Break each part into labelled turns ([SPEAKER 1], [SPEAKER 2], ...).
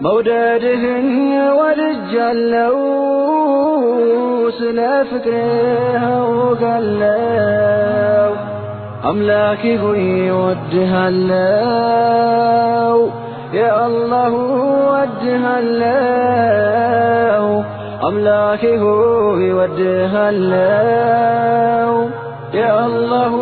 [SPEAKER 1] مودادهن ولجالو سلا فكره وقالو أملاكي هوي ودها اللو يا الله ودها اللو أملاكي هوي ودها اللو يا الله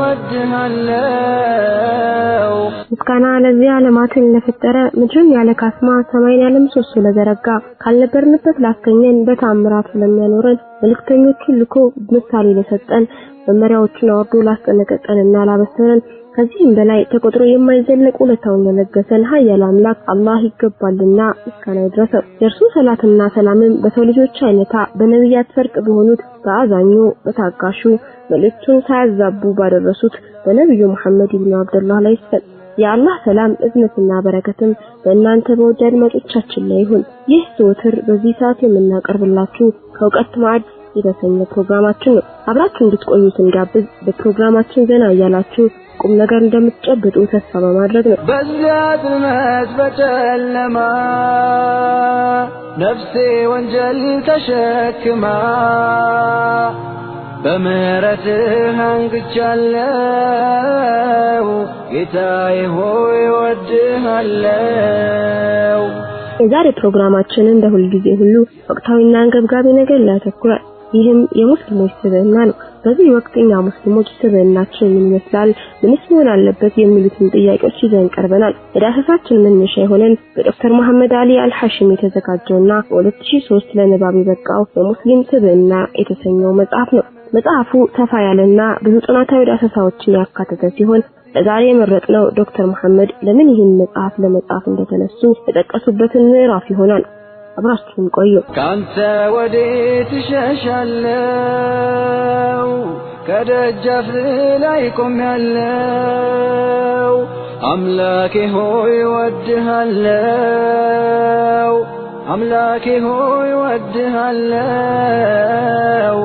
[SPEAKER 1] ودها اللو ምስጋና ለዚያ ዓለማትን ለፈጠረ ምድርን ያለ ካስማ ሰማይን ያለ ምሰሶ ለዘረጋ ካልነበርንበት ላስገኘን በታምራት ለሚያኖረን መልእክተኞቹን ልኮ ምሳሌ ለሰጠን መመሪያዎቹን አወርዶ ላስጠነቀቀንና ላበሰረን ከዚህም በላይ ተቆጥሮ የማይዘለቅ ውለታውን ለነገሰን ኃያል አምላክ አላህ ይገባልና ምስጋና ይድረሰው። የእርሱ ሰላትና ሰላምም በሰው ልጆች አይነታ በነቢያት ፈርቅ በሆኑት በአዛኙ በታጋሹ መልእክቱን ሳያዛቡ ባደረሱት በነቢዩ መሐመድ ኢብኑ አብደላህ ላይ ይሰጥ። የአላህ ሰላም እዝነትና በረከትም በእናንተ በወዳጅ አድማጮቻችን ላይ ይሁን። ይህ ዘወትር በዚህ ሰዓት የምናቀርብላችሁ ከእውቀት ማዕድ የተሰኘ ፕሮግራማችን ነው። አብራችሁ እንድትቆዩ ስንጋብዝ በፕሮግራማችን ዘና እያላችሁ ቁም ነገር እንደምትጨብጡ ተስፋ በማድረግ ነው። በዚያ ጥልመት በጨለማ ነፍሴ ወንጀል ተሸክማ በምህረትህ አንግቻለው ጌታዬ ሆይ ወድሃለው። የዛሬ ፕሮግራማችንን እንደ ሁልጊዜ ሁሉ ወቅታዊና አንገብጋቢ ነገር ላይ ያተኩራል። ይህም የሙስሊሞች ስብዕና ነው። በዚህ ወቅት እኛ ሙስሊሞች ስብዕናችን ምን ይመስላል፣ ምንስ መሆን አለበት የሚሉትን ጥያቄዎች ይዘን ቀርበናል። የዳሰሳችን መነሻ የሆነን በዶክተር መሐመድ አሊ አልሐሽም የተዘጋጀውና በ2003 ለንባብ የበቃው የሙስሊም ስብዕና የተሰኘው መጽሐፍ ነው። መጽሐፉ ሰፋ ያለና ብዙ ጥናታዊ ዳሰሳዎችን ያካተተ ሲሆን ለዛሬ የመረጥነው ዶክተር መሐመድ ለምን ይህን መጽሐፍ ለመጻፍ እንደተነሱ የጠቀሱበትን ምዕራፍ ይሆናል። አብራችሁን ቆዩ። ካንተ ወዴት እሸሻለሁ? ከደጃፍ ላይ ቆሜያለሁ። አምላኬ ሆይ ወድሃለሁ። አምላኬ ሆይ ወድሃለሁ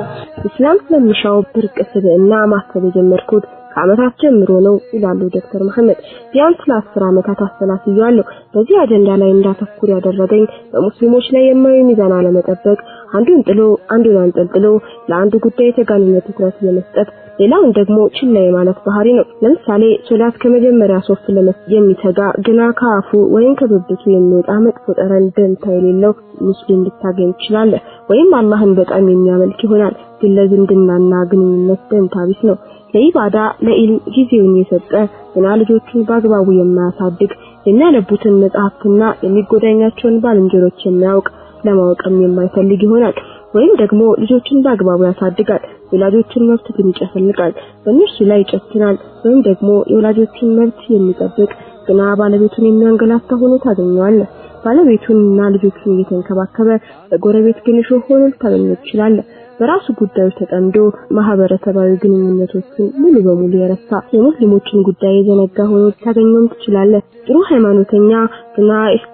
[SPEAKER 1] ኢስላም ስለሚሻው ብርቅ ስብዕና ማሰብ የጀመርኩት ከአመታት ጀምሮ ነው ይላሉ ዶክተር መሐመድ። ቢያንስ ለአስር አመታት አሰላስያለሁ። በዚህ አጀንዳ ላይ እንዳተኩር ያደረገኝ በሙስሊሞች ላይ የማየው ሚዛን አለመጠበቅ፣ አንዱን ጥሎ አንዱን አንጠልጥሎ ለአንዱ ጉዳይ የተጋነነ ትኩረት የመስጠት ሌላውን ደግሞ ችላ የማለት ባህሪ ነው። ለምሳሌ ሶላት ከመጀመሪያ ሶፍት ለመስ የሚተጋ ግና ከአፉ ወይም ከብብቱ የሚወጣ መጥፎ ጠረን ደንታ የሌለው ሙስሊም ልታገኝ ይችላል። ወይም አላህን በጣም የሚያመልክ ይሆናል፣ ግን ለዝምድናና ግንኙነት ደንታ ቢስ ነው። ለኢባዳ ለኢልም ጊዜውን የሰጠ እና ልጆቹን በአግባቡ የማያሳድግ የሚያነቡትን መጽሐፍትና የሚጎዳኛቸውን ባልንጀሮች የሚያውቅ ለማወቅም የማይፈልግ ይሆናል። ወይም ደግሞ ልጆችን በአግባቡ ያሳድጋል፣ የወላጆችን መብት ግን ይጨፈልቃል፣ ላይ ይጨክናል፣ ወይም ደግሞ የወላጆችን መብት የሚጠብቅ ግና ባለቤቱን የሚያንገላታ ሆኖ ታገኘዋለህ። ባለቤቱንና ልጆቹን እየተንከባከበ በጎረቤት ግን ሾህ ሆኖ ልታገኘው ትችላለህ። በራሱ ጉዳዮች ተጠምዶ ማህበረሰባዊ ግንኙነቶችን ሙሉ በሙሉ የረሳ የሙስሊሞችን ጉዳይ የዘነጋ ሆኖ ታገኘውም ትችላለህ። ጥሩ ሃይማኖተኛ እና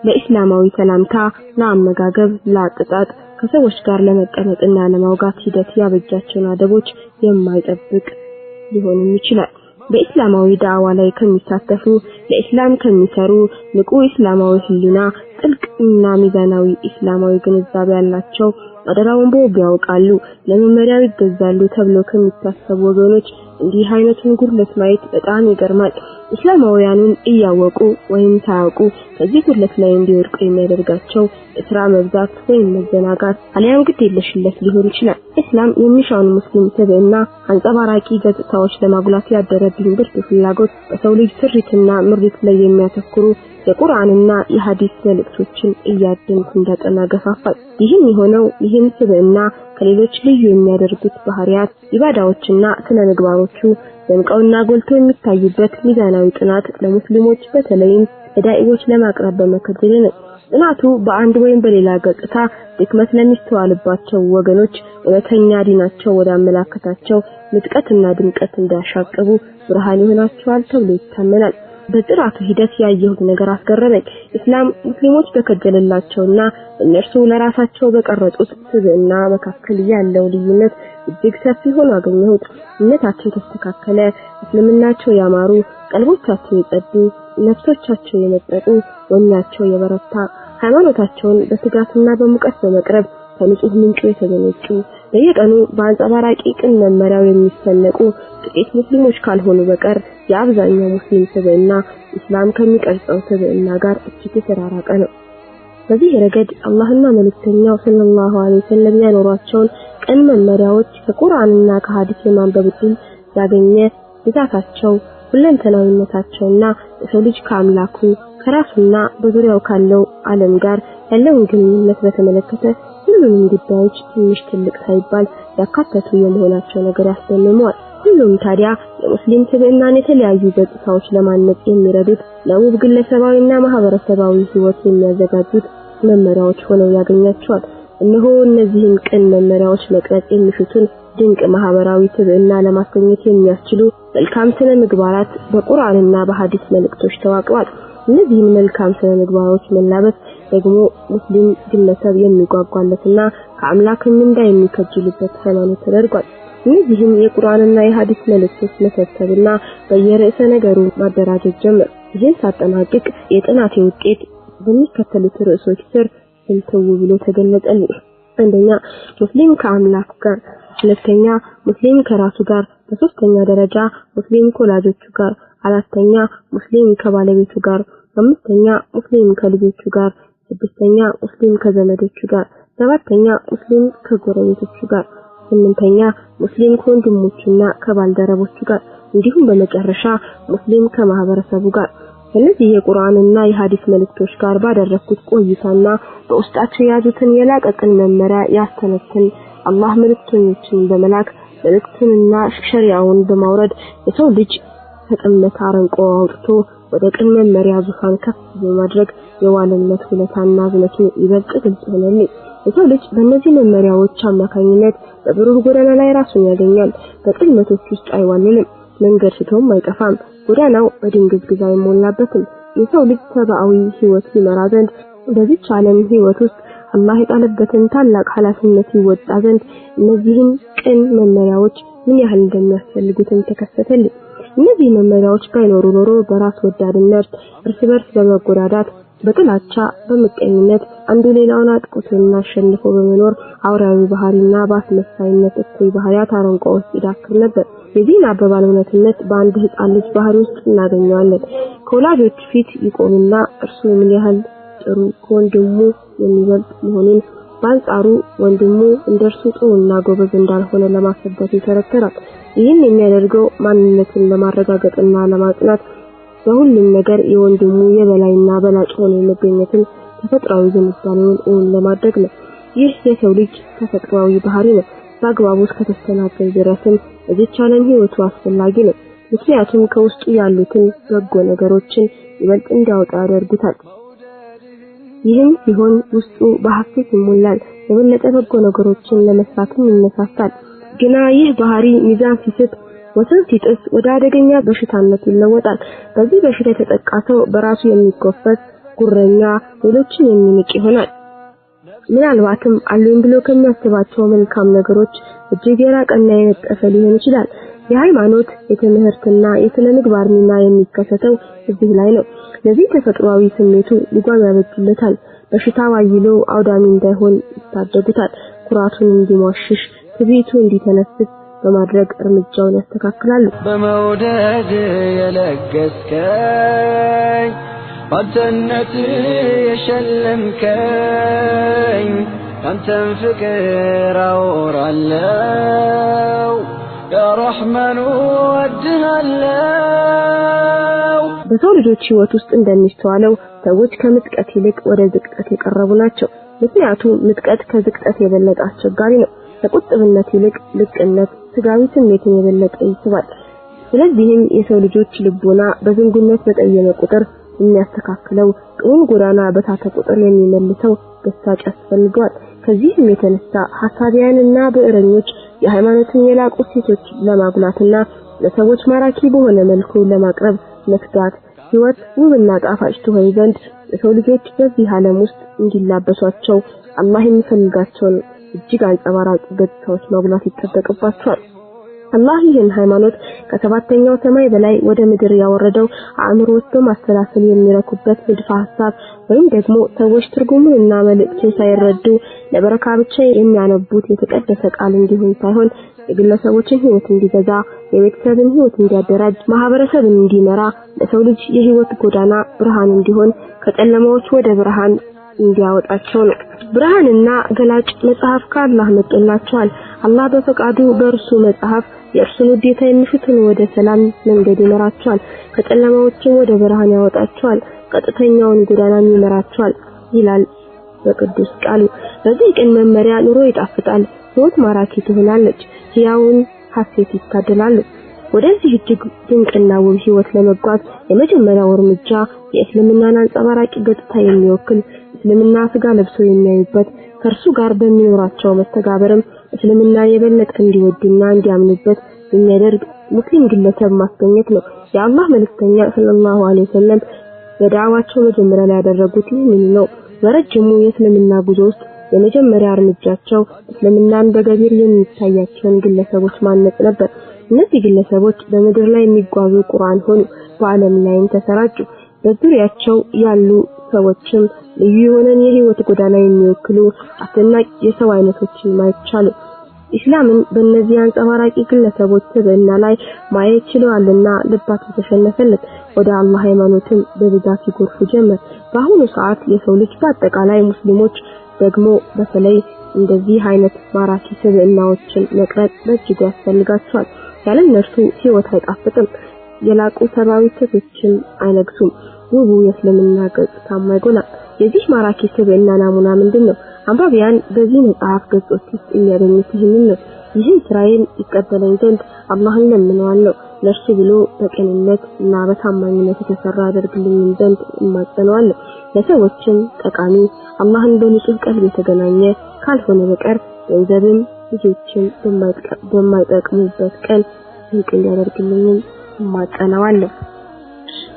[SPEAKER 1] ለኢስላማዊ ሰላምታ፣ ለአመጋገብ፣ ለአጠጣጥ ከሰዎች ጋር ለመቀመጥና ለማውጋት ሂደት ያበጃቸውን አደቦች የማይጠብቅ ሊሆንም ይችላል። በኢስላማዊ ዳዕዋ ላይ ከሚሳተፉ ለኢስላም ከሚሰሩ ንቁ ኢስላማዊ ህሊና እና ሚዛናዊ ኢስላማዊ ግንዛቤ ያላቸው አደራውን በወጉ ያውቃሉ፣ ለመመሪያው ይገዛሉ ተብሎ ከሚታሰቡ ወገኖች እንዲህ አይነቱን ጉድለት ማየት በጣም ይገርማል። እስላማውያኑን እያወቁ ወይም ሳያውቁ ከዚህ ጉድለት ላይ እንዲወድቁ የሚያደርጋቸው እስራ መብዛት ወይም መዘናጋት አሊያም ግድ ሊሆን ይችላል። እስላም የሚሻውን ሙስሊም ስብዕና አንጸባራቂ ገጽታዎች ለማጉላት ያደረብኝ ብርቱ ፍላጎት በሰው ልጅ ስሪትና ምሪት ላይ የሚያተኩሩ የቁርአንና የሐዲስ መልእክቶችን እያደንኩ እንዳጠና ገፋፋል። ይህም የሆነው ይህም ስብዕና ከሌሎች ልዩ የሚያደርጉት ባህሪያት ኢባዳዎችና ስነ ምግባሮቹ ደምቀውና ጎልቶ የሚታዩበት ሚዛናዊ ጥናት ለሙስሊሞች በተለይም ለዳኢዎች ለማቅረብ በመከጀል ነው። ጥናቱ በአንድ ወይም በሌላ ገጽታ ድክመት ለሚስተዋልባቸው ወገኖች እውነተኛ ዲናቸው ወደ አመላከታቸው ምጥቀትና ድምቀት እንዳያሻቅቡ ብርሃን ይሆናቸዋል ተብሎ ይታመናል። በጥራቱ ሂደት ያየሁት ነገር አስገረመኝ። እስላም ሙስሊሞች በከጀለላቸውና እነርሱ ለራሳቸው በቀረጡት ስብዕና መካከል ያለው ልዩነት እጅግ ሰፊ ሆኖ አገኘሁት። እምነታቸው የተስተካከለ፣ እስልምናቸው ያማሩ፣ ቀልቦቻቸው የጸዱ፣ ነፍሶቻቸው የመጠጡ፣ ወኛቸው የበረታ ሃይማኖታቸውን በትጋትና በሙቀት በመቅረብ ከንጹህ ምንጩ የተገነጩ በየቀኑ በአንጸባራቂ ቅን መመሪያው የሚሰለቁ ጥቂት ሙስሊሞች ካልሆኑ በቀር የአብዛኛው ሙስሊም ስብዕና ኢስላም ከሚቀርጸው ስብዕና ጋር እጅግ የተራራቀ ነው። በዚህ ረገድ አላህና መልእክተኛው ሰለላሁ ዐለይሂ ወሰለም ያኖሯቸውን ቅን መመሪያዎች ከቁርአንና ከሐዲስ የማንበብ ዕድል ያገኘ ብዛታቸው፣ ሁለንተናዊነታቸውና የሰው ልጅ ከአምላኩ ከራሱና በዙሪያው ካለው ዓለም ጋር ያለውን ግንኙነት በተመለከተ ሁሉንም ጉዳዮች ትንሽ ትልቅ ሳይባል ያካተቱ የመሆናቸው ነገር ያስደምመዋል። ሁሉም ታዲያ የሙስሊም ስብዕናን የተለያዩ ገጽታዎች ለማነጽ የሚረዱት ለውብ ግለሰባዊና ማህበረሰባዊ ህይወት የሚያዘጋጁት መመሪያዎች ሆነው ያገኛቸዋል። እነሆ እነዚህን ቅን መመሪያዎች መቅረጽ የሚሹትን ድንቅ ማህበራዊ ትብዕና ለማስገኘት የሚያስችሉ መልካም ስነ ምግባራት በቁርአንና በሐዲስ መልእክቶች ተዋቅሯል። እነዚህን መልካም ስነ ምግባሮች መላበስ ደግሞ ሙስሊም ግለሰብ የሚጓጓለትና ከአምላክ ምንዳ የሚከጅልበት ሃይማኖት ተደርጓል። እነዚህም የቁርአንና የሐዲስ መልእክቶች መሰብሰብና በየርዕሰ ነገሩ ማደራጀት ጀምር። ይህን ሳጠናቅቅ የጥናቴ ውጤት በሚከተሉት ርዕሶች ስር ስልትው ብሎ ተገለጸልኝ። አንደኛ ሙስሊም ከአምላክ ጋር፣ ሁለተኛ ሙስሊም ከራሱ ጋር፣ በሶስተኛ ደረጃ ሙስሊም ከወላጆቹ ጋር፣ አራተኛ ሙስሊም ከባለቤቱ ጋር አምስተኛ ሙስሊም ከልጆቹ ጋር፣ ስድስተኛ ሙስሊም ከዘመዶቹ ጋር፣ ሰባተኛ ሙስሊም ከጎረቤቶቹ ጋር፣ ስምንተኛ ሙስሊም ከወንድሞቹና ከባልደረቦቹ ጋር እንዲሁም በመጨረሻ ሙስሊም ከማህበረሰቡ ጋር ከነዚህ የቁርአንና የሐዲስ መልእክቶች ጋር ባደረኩት ቆይታና በውስጣቸው የያዙትን የላቀቅን መመሪያ ያስተነትን አላህ መልእክተኞችን በመላክ መልእክትንና ሸሪዓውን በማውረድ የሰው ልጅ ከጥመት አረንቆ አውጥቶ ወደ ቅን መመሪያ ዙፋን ከፍ በማድረግ የዋለነት ውለታና እዝነቱ ይበልጥ ግልጽ ሆነልኝ። የሰው ልጅ በእነዚህ መመሪያዎች አማካኝነት በብሩህ ጎዳና ላይ ራሱን ያገኛል። በቅድመቶች ውስጥ አይዋልልም መንገድ ስቶም አይጠፋም። ጎዳናው በድንግዝግዝ አይሞላበትም። የሰው ልጅ ሰብአዊ ህይወት ይመራ ዘንድ በዚች ዓለም ህይወት ውስጥ አላህ የጣለበትን ታላቅ ኃላፊነት ይወጣ ዘንድ እነዚህን ቅን መመሪያዎች ምን ያህል እንደሚያስፈልጉትም ተከሰተልኝ። እነዚህ መመሪያዎች ባይኖሩ ኖሮ በራስ ወዳድነት፣ እርስ በርስ በመጎዳዳት፣ በጥላቻ፣ በምቀኝነት አንዱ ሌላውን አጥቁቶና አሸንፎ በመኖር አውራዊ ባህሪና በአስመሳይነት እኩይ ባህሪያት አረንቋ ውስጥ ይዳክር ነበር። የዚህን አባባል እውነትነት በአንድ ህፃን ልጅ ባህሪ ውስጥ እናገኘዋለን። ከወላጆች ፊት ይቆምና እርሱ ምን ያህል ጥሩ ከወንድሙ የሚበልጥ መሆኑን በአንጻሩ ወንድሙ እንደርሱ ጥሩና ጎበዝ እንዳልሆነ ለማስረዳት ይከረከራል። ይህን የሚያደርገው ማንነትን ለማረጋገጥና ለማጽናት በሁሉም ነገር የወንድሙ የበላይና በላጭ ሆኖ የመገኘትን ተፈጥሯዊ ዝንባሌውን እውን ለማድረግ ነው። ይህ የሰው ልጅ ተፈጥሯዊ ባህሪ ነው። በአግባቡ እስከተስተናገደ ድረስም እዚች ዓለም ህይወቱ አስፈላጊ ነው። ምክንያቱም ከውስጡ ያሉትን በጎ ነገሮችን ይበልጥ እንዲያወጣ ያደርጉታል። ይህም ሲሆን ውስጡ በሐሴት ይሞላል፣ የበለጠ በጎ ነገሮችን ለመስራትም ይነሳሳል። ግና ይህ ባህሪ ሚዛን ሲስት ወሰን ሲጥስ ወደ አደገኛ በሽታነት ይለወጣል። በዚህ በሽታ የተጠቃ ሰው በራሱ የሚጎፈት ጉረኛ፣ ሌሎችን የሚንቅ ይሆናል። ምናልባትም አሉኝ ብሎ ከሚያስባቸው መልካም ነገሮች እጅግ የራቀና የነጠፈ ሊሆን ይችላል። የሃይማኖት የትምህርትና የስነ ምግባር ሚና የሚከሰተው እዚህ ላይ ነው። ለዚህ ተፈጥሯዊ ስሜቱ ልጓም ያበጅለታል በሽታ ዋይሎ አውዳሚ እንዳይሆን ይታደጉታል። ኩራቱን እንዲሟሽሽ፣ ትቢቱ እንዲተነፍስ በማድረግ እርምጃውን ያስተካክላሉ። በመውደድ የለገስከኝ ባንተነት የሸለምከኝ ካንተን ፍቅር አወራለሁ ረሕመኑ ወድሃለው። በሰው ልጆች ህይወት ውስጥ እንደሚስተዋለው ሰዎች ከምጥቀት ይልቅ ወደ ዝቅጠት የቀረቡ ናቸው። ምክንያቱም ምጥቀት ከዝቅጠት የበለጠ አስቸጋሪ ነው። ከቁጥብነት ይልቅ ልቅነት፣ ስጋዊ ስሜትን የበለጠ ይስባል። ስለዚህም የሰው ልጆች ልቦና በዝንጉነት በጠየመ ቁጥር የሚያስተካክለው ጥሩን ጎዳና በታተ ቁጥር የሚመልሰው ገሳጭ አስፈልጓል። ከዚህም የተነሳ ሐሳቢያንና ብዕረኞች የሃይማኖትን የላቁ ሴቶች ለማጉላትና ለሰዎች ማራኪ በሆነ መልኩ ለማቅረብ መትጋት ህይወት ውብና ጣፋጭ ትሆን ዘንድ የሰው ልጆች በዚህ ዓለም ውስጥ እንዲላበሷቸው አላህ የሚፈልጋቸውን እጅግ አንጸባራቂ ገጽታዎች ማጉላት ይጠበቅባቸዋል። አላህ ይህን ሃይማኖት ከሰባተኛው ሰማይ በላይ ወደ ምድር ያወረደው አእምሮ ወስዶ ማሰላሰል የሚረኩበት ንድፈ ሐሳብ ወይም ደግሞ ሰዎች ትርጉሙን እና መልእክቱን ሳይረዱ ለበረካ ብቻ የሚያነቡት የተቀደሰ ቃል እንዲሆን ሳይሆን የግለሰቦችን ህይወት እንዲገዛ፣ የቤተሰብን ህይወት እንዲያደራጅ፣ ማህበረሰብን እንዲመራ፣ ለሰው ልጅ የህይወት ጎዳና ብርሃን እንዲሆን፣ ከጨለማዎች ወደ ብርሃን እንዲያወጣቸው ነው። ብርሃንና ገላጭ መጽሐፍ ከአላህ መጥቶላቸዋል። አላህ በፈቃዱ በእርሱ መጽሐፍ የእርሱን ውዴታ የሚሹትን ወደ ሰላም መንገድ ይመራቸዋል፣ ከጨለማዎችም ወደ ብርሃን ያወጣቸዋል፣ ቀጥተኛውን ጎዳናም ይመራቸዋል ይላል በቅዱስ ቃሉ። በዚህ ቀን መመሪያ ኑሮ ይጣፍጣል፣ ሕይወት ማራኪ ትሆናለች፣ ሕያውን ሐሴት ይታደላሉ። ወደዚህ እጅግ ድንቅና ውብ ሕይወት ለመጓዝ የመጀመሪያው እርምጃ የእስልምናን አንጸባራቂ ገጽታ የሚወክል እስልምና ስጋ ለብሶ የሚያዩበት ከእርሱ ጋር በሚኖራቸው መተጋበርም። እስልምና የበለጠ እንዲወዱና እንዲያምኑበት የሚያደርግ ሙስሊም ግለሰብ ማስገኘት ነው። የአላህ መልእክተኛ ሰለላሁ ዐለይሂ ወሰለም በዳዕዋቸው መጀመሪያ ላይ ያደረጉት ይህንኑ ነው። በረጅሙ የእስልምና ጉዞ ውስጥ የመጀመሪያ እርምጃቸው እስልምናን በገቢር የሚታያቸውን ግለሰቦች ማነጽ ነበር። እነዚህ ግለሰቦች በምድር ላይ የሚጓዙ ቁርአን ሆኑ፣ በዓለም ላይም ተሰራጩ። በዙሪያቸው ያሉ ሰዎችም ልዩ የሆነን የህይወት ጎዳና የሚወክሉ አስደናቂ የሰው አይነቶችን ማየት ቻሉ። ኢስላምን በእነዚህ አንጸባራቂ ግለሰቦች ስብዕና ላይ ማየት ችለዋልና ልባቸው ተሸነፈለት። ወደ አላህ ሃይማኖትም በብዛት ሲጎርፉ ጀመር። በአሁኑ ሰዓት የሰው ልጅ በአጠቃላይ ሙስሊሞች ደግሞ በተለይ እንደዚህ አይነት ማራኪ ስብዕናዎችን መቅረጽ በእጅጉ ያስፈልጋቸዋል። ያለ እነርሱ ህይወት አይጣፍጥም። የላቁ ሰብአዊ ትቶችም አይነግሱም። ውቡ የእስልምና ገጽታ የማይጎላ የዚህ ማራኪ ስብዕና ናሙና ምንድን ነው? አንባቢያን በዚህ መጽሐፍ ገጾች ውስጥ የሚያገኙት ይህንን ነው። ይህን ስራዬን ይቀበለኝ ዘንድ አላህን ለምነዋለሁ። ለእርሱ ብሎ በቅንነት እና በታማኝነት የተሰራ አደርግልኝም ዘንድ እማጸነዋለሁ። ለሰዎችም ጠቃሚ አላህን በንጹህ ቀልብ የተገናኘ ካልሆነ በቀር ገንዘብም ልጆችም በማይጠቅሙበት ቀን ድንቅ እንዲያደርግልኝም እማጸነዋለሁ።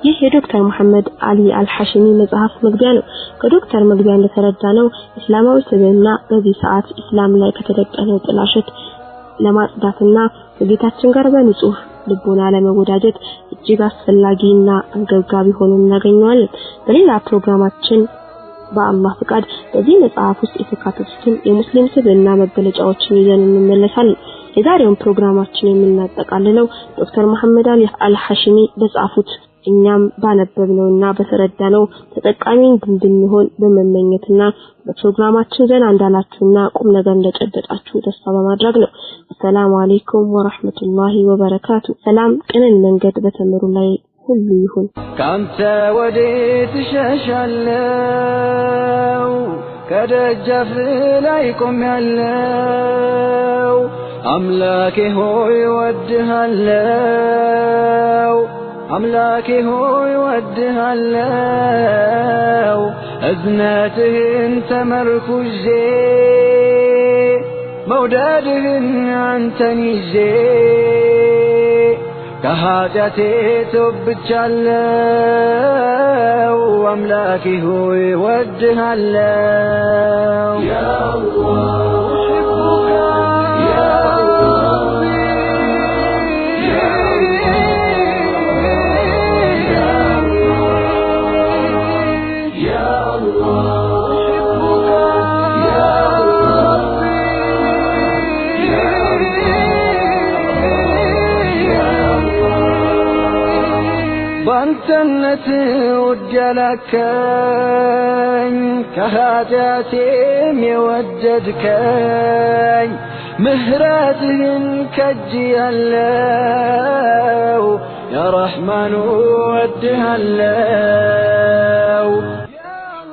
[SPEAKER 1] ይህ የዶክተር መሐመድ አሊ አልሐሽሚ መጽሐፍ መግቢያ ነው። ከዶክተር መግቢያ እንደተረዳ ነው እስላማዊ ስብዕና በዚህ ሰዓት እስላም ላይ ከተደቀነው ጥላሸት ለማጽዳትና ከጌታችን ጋር በንጹህ ልቦና ለመወዳጀት እጅግ አስፈላጊና አንገብጋቢ ሆኖ እናገኘዋለን። በሌላ ፕሮግራማችን በአላህ ፍቃድ በዚህ መጽሐፍ ውስጥ የተካተቱትን የሙስሊም ስብዕና መገለጫዎችን ይዘን እንመለሳለን። የዛሬውን ፕሮግራማችን የምናጠቃልለው ዶክተር መሐመድ አልሐሽሚ በጻፉት እኛም ባነበብነውና በተረዳነው ተጠቃሚ እንድንሆን በመመኘትና በፕሮግራማችን ዘና እንዳላችሁና ቁም ነገር እንደጨበጣችሁ ተስፋ በማድረግ ነው። አሰላሙ አለይኩም ወራህመቱላሂ ወበረካቱ። ሰላም ቅንን መንገድ በተምሩ ላይ ሁሉ ይሁን። ካንተ ወዴት እሸሻለሁ? ከደጃፍ ላይ ቆሜያለሁ። አምላኬ ሆይ እወድሃለሁ أملاكه يودها الله أزناتهن موداده انت عن تنيزي كحاجتي تبتشالله أملاكه يودها اللاو يا الله የረከኝ ከኃጢአቴም የወደድከኝ ምህረትህን ከጅ ያለው ያረሕማኑ ወድሃለው።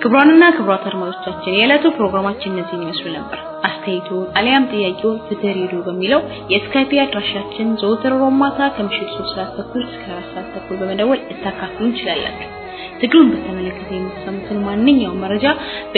[SPEAKER 1] ክቡራንና ክቡራት አድማጮቻችን የዕለቱ ፕሮግራማችን እነዚህን ይመስሉ ነበር። አስተያየቱን አሊያም ጥያቄውን ፍትህ ሬዲዮ በሚለው የስካይፕ አድራሻችን ዘወትር ሮማታ ከምሽቱ 3 ሰዓት ተኩል እስከ 4 ሰዓት ተኩል በመደወል ልታካፍሉ እንችላላችሁ። ትግሉን በተመለከተ የምትሰሙትን ማንኛውም መረጃ